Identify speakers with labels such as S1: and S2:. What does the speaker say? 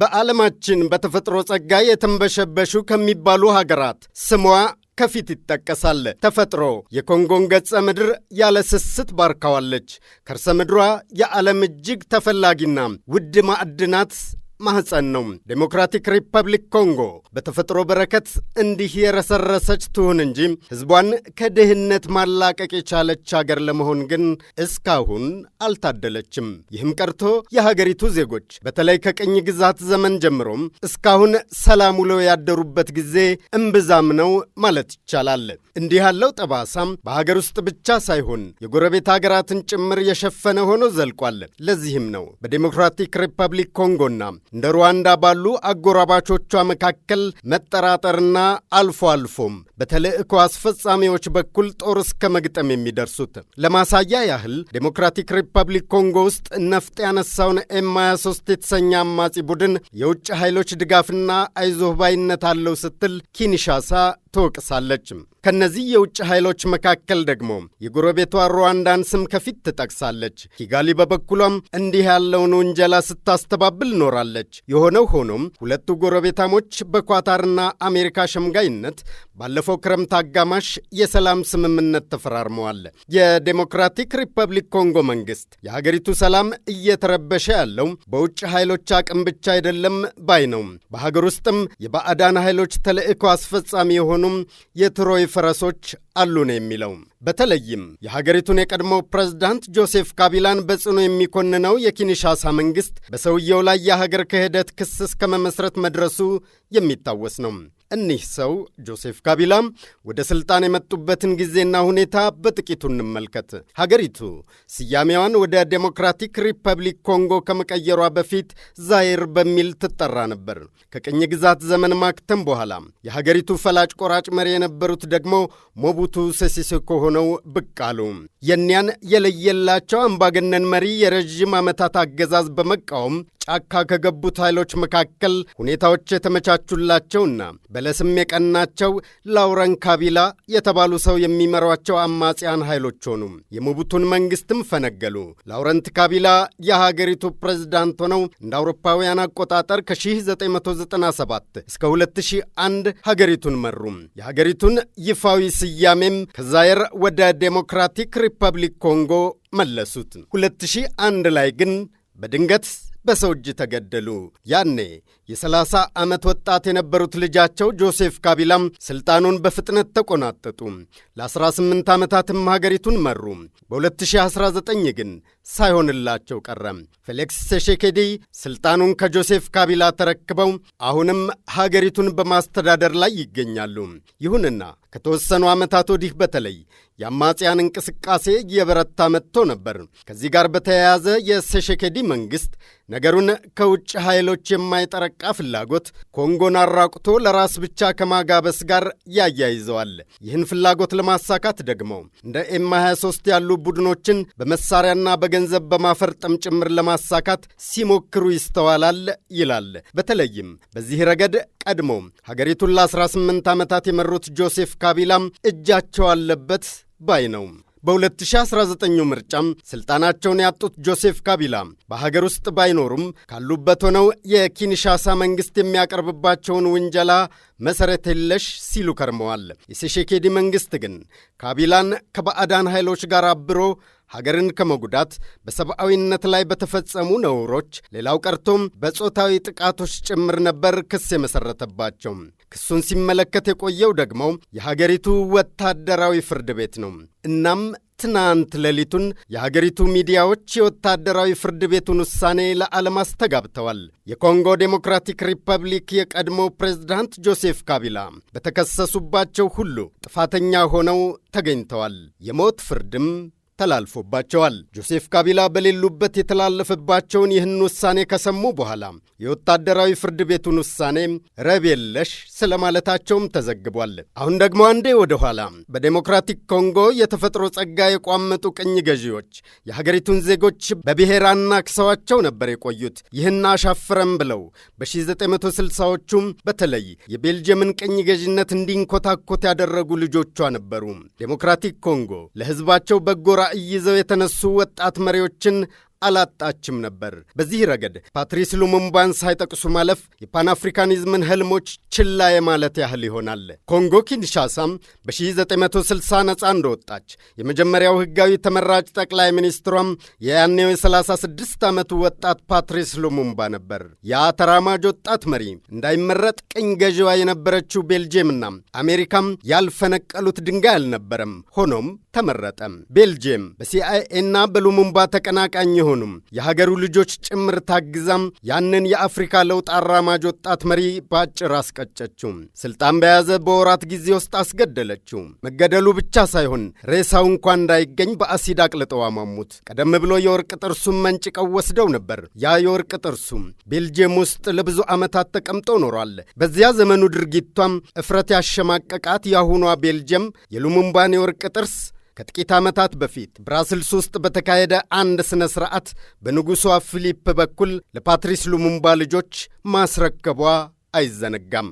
S1: በዓለማችን በተፈጥሮ ጸጋ የተንበሸበሹ ከሚባሉ ሀገራት ስሟ ከፊት ይጠቀሳል። ተፈጥሮ የኮንጎን ገጸ ምድር ያለ ስስት ባርካዋለች። ከርሰ ምድሯ የዓለም እጅግ ተፈላጊና ውድ ማዕድናት ማህፀን ነው። ዴሞክራቲክ ሪፐብሊክ ኮንጎ በተፈጥሮ በረከት እንዲህ የረሰረሰች ትሁን እንጂ ሕዝቧን ከድህነት ማላቀቅ የቻለች አገር ለመሆን ግን እስካሁን አልታደለችም። ይህም ቀርቶ የሀገሪቱ ዜጎች በተለይ ከቅኝ ግዛት ዘመን ጀምሮም እስካሁን ሰላም ውለው ያደሩበት ጊዜ እምብዛም ነው ማለት ይቻላል። እንዲህ ያለው ጠባሳም በሀገር ውስጥ ብቻ ሳይሆን የጎረቤት ሀገራትን ጭምር የሸፈነ ሆኖ ዘልቋል። ለዚህም ነው በዴሞክራቲክ ሪፐብሊክ ኮንጎና እንደ ሩዋንዳ ባሉ አጎራባቾቿ መካከል መጠራጠርና አልፎ አልፎም በተልእኮ አስፈጻሚዎች በኩል ጦር እስከ መግጠም የሚደርሱት ለማሳያ ያህል ዴሞክራቲክ ሪፐብሊክ ኮንጎ ውስጥ ነፍጥ ያነሳውን ኤም 23 የተሰኘ አማጺ ቡድን የውጭ ኃይሎች ድጋፍና አይዞህ ባይነት አለው ስትል ኪንሻሳ ትወቅሳለችም። ከነዚህ የውጭ ኃይሎች መካከል ደግሞ የጎረቤቷ ሩዋንዳን ስም ከፊት ትጠቅሳለች። ኪጋሊ በበኩሏም እንዲህ ያለውን ውንጀላ ስታስተባብል ኖራለች። የሆነው ሆኖም ሁለቱ ጎረቤታሞች በኳታርና አሜሪካ ሸምጋይነት ባለፈው ክረምት አጋማሽ የሰላም ስምምነት ተፈራርመዋል። የዴሞክራቲክ ሪፐብሊክ ኮንጎ መንግስት የሀገሪቱ ሰላም እየተረበሸ ያለው በውጭ ኃይሎች አቅም ብቻ አይደለም ባይ ነው። በሀገር ውስጥም የባዕዳን ኃይሎች ተልእኮ አስፈጻሚ የሆኑም የትሮይ ፈረሶች አሉ ነው የሚለው። በተለይም የሀገሪቱን የቀድሞ ፕሬዝዳንት ጆሴፍ ካቢላን በጽኑ የሚኮንነው የኪንሻሳ መንግስት በሰውየው ላይ የሀገር ክህደት ክስ እስከ መመስረት መድረሱ የሚታወስ ነው። እኒህ ሰው ጆሴፍ ካቢላ ወደ ሥልጣን የመጡበትን ጊዜና ሁኔታ በጥቂቱ እንመልከት። ሀገሪቱ ስያሜዋን ወደ ዴሞክራቲክ ሪፐብሊክ ኮንጎ ከመቀየሯ በፊት ዛይር በሚል ትጠራ ነበር። ከቅኝ ግዛት ዘመን ማክተም በኋላ የሀገሪቱ ፈላጭ ቆራጭ መሪ የነበሩት ደግሞ ሞቡቱ ሴሴሴኮ ሆነው ብቅ አሉ። የለየላቸው አምባገነን መሪ የረዥም ዓመታት አገዛዝ በመቃወም ጫካ ከገቡት ኃይሎች መካከል ሁኔታዎች የተመቻቹላቸውና በለስም የቀናቸው ላውረን ካቢላ የተባሉ ሰው የሚመሯቸው አማጽያን ኃይሎች ሆኑ። የሞቡቱን መንግስትም ፈነገሉ። ላውረንት ካቢላ የሀገሪቱ ፕሬዝዳንት ሆነው እንደ አውሮፓውያን አቆጣጠር ከ1997 እስከ 2001 ሀገሪቱን መሩ። የሀገሪቱን ይፋዊ ስያሜም ከዛየር ወደ ዴሞክራቲክ ሪፐብሊክ ኮንጎ መለሱት። 2001 ላይ ግን በድንገት በሰው እጅ ተገደሉ። ያኔ የ30 ዓመት ወጣት የነበሩት ልጃቸው ጆሴፍ ካቢላም ስልጣኑን በፍጥነት ተቆናጠጡ። ለ18 ዓመታትም ሀገሪቱን መሩ። በ2019 ግን ሳይሆንላቸው ቀረም። ፌሊክስ ሴሼኬዲ ስልጣኑን ከጆሴፍ ካቢላ ተረክበው አሁንም ሀገሪቱን በማስተዳደር ላይ ይገኛሉ። ይሁንና ከተወሰኑ ዓመታት ወዲህ በተለይ የአማጽያን እንቅስቃሴ እየበረታ መጥቶ ነበር። ከዚህ ጋር በተያያዘ የሴሼኬዲ መንግሥት ነገሩን ከውጭ ኃይሎች የማይጠረቃ ፍላጎት ኮንጎን አራቁቶ ለራስ ብቻ ከማጋበስ ጋር ያያይዘዋል። ይህን ፍላጎት ለማሳካት ደግሞ እንደ ኤም 23 ያሉ ቡድኖችን በመሳሪያና በገ ገንዘብ በማፈርጠም ጭምር ለማሳካት ሲሞክሩ ይስተዋላል ይላል። በተለይም በዚህ ረገድ ቀድሞ ሀገሪቱን ለ18 ዓመታት የመሩት ጆሴፍ ካቢላም እጃቸው አለበት ባይ ነው። በ2019 ምርጫም ስልጣናቸውን ያጡት ጆሴፍ ካቢላ በሀገር ውስጥ ባይኖሩም ካሉበት ሆነው የኪንሻሳ መንግስት የሚያቀርብባቸውን ውንጀላ መሠረት የለሽ ሲሉ ከርመዋል። የሴሼኬዲ መንግስት ግን ካቢላን ከባዕዳን ኃይሎች ጋር አብሮ ሀገርን ከመጉዳት በሰብአዊነት ላይ በተፈጸሙ ነውሮች፣ ሌላው ቀርቶም በጾታዊ ጥቃቶች ጭምር ነበር ክስ የመሰረተባቸው። ክሱን ሲመለከት የቆየው ደግሞ የሀገሪቱ ወታደራዊ ፍርድ ቤት ነው። እናም ትናንት ሌሊቱን የሀገሪቱ ሚዲያዎች የወታደራዊ ፍርድ ቤቱን ውሳኔ ለዓለም አስተጋብተዋል። የኮንጎ ዴሞክራቲክ ሪፐብሊክ የቀድሞ ፕሬዝዳንት ጆሴፍ ካቢላ በተከሰሱባቸው ሁሉ ጥፋተኛ ሆነው ተገኝተዋል። የሞት ፍርድም ተላልፎባቸዋል። ጆሴፍ ካቢላ በሌሉበት የተላለፈባቸውን ይህን ውሳኔ ከሰሙ በኋላ የወታደራዊ ፍርድ ቤቱን ውሳኔ ረብ የለሽ ስለማለታቸውም ተዘግቧል። አሁን ደግሞ አንዴ ወደ ኋላ በዴሞክራቲክ ኮንጎ የተፈጥሮ ጸጋ የቋመጡ ቅኝ ገዢዎች የሀገሪቱን ዜጎች በብሔር አናክሰዋቸው ነበር የቆዩት። ይህን አሻፍረም ብለው በ1960ዎቹም በተለይ የቤልጅየምን ቅኝ ገዢነት እንዲንኮታኮት ያደረጉ ልጆቿ ነበሩ። ዴሞክራቲክ ኮንጎ ለሕዝባቸው በጎራ ራዕይ ይዘው የተነሱ ወጣት መሪዎችን አላጣችም ነበር። በዚህ ረገድ ፓትሪስ ሉሙምባን ሳይጠቅሱ ማለፍ የፓን አፍሪካኒዝምን ህልሞች ችላ የማለት ያህል ይሆናል። ኮንጎ ኪንሻሳም በ1960 ነፃ እንደወጣች የመጀመሪያው ህጋዊ ተመራጭ ጠቅላይ ሚኒስትሯም የያኔው የ36 ዓመቱ ወጣት ፓትሪስ ሉሙምባ ነበር። ያ ተራማጅ ወጣት መሪ እንዳይመረጥ ቅኝ ገዢዋ የነበረችው ቤልጅየምና አሜሪካም ያልፈነቀሉት ድንጋይ አልነበረም። ሆኖም ተመረጠ። ቤልጅየም በሲአይኤና በሉሙምባ ተቀናቃኝ አይሆኑም። የሀገሩ ልጆች ጭምር ታግዛም ያንን የአፍሪካ ለውጥ አራማጅ ወጣት መሪ በአጭር አስቀጨችው። ስልጣን በያዘ በወራት ጊዜ ውስጥ አስገደለችው። መገደሉ ብቻ ሳይሆን ሬሳው እንኳ እንዳይገኝ በአሲድ አቅልጠው አሟሙት። ቀደም ብሎ የወርቅ ጥርሱም መንጭቀው ወስደው ነበር። ያ የወርቅ ጥርሱ ቤልጅየም ውስጥ ለብዙ ዓመታት ተቀምጦ ኖሯል። በዚያ ዘመኑ ድርጊቷም እፍረት ያሸማቀቃት የአሁኗ ቤልጅየም የሉሙምባን የወርቅ ጥርስ ከጥቂት ዓመታት በፊት ብራስልስ ውስጥ በተካሄደ አንድ ሥነ ሥርዓት በንጉሷ ፊሊፕ በኩል ለፓትሪስ ሉሙምባ ልጆች ማስረከቧ አይዘነጋም።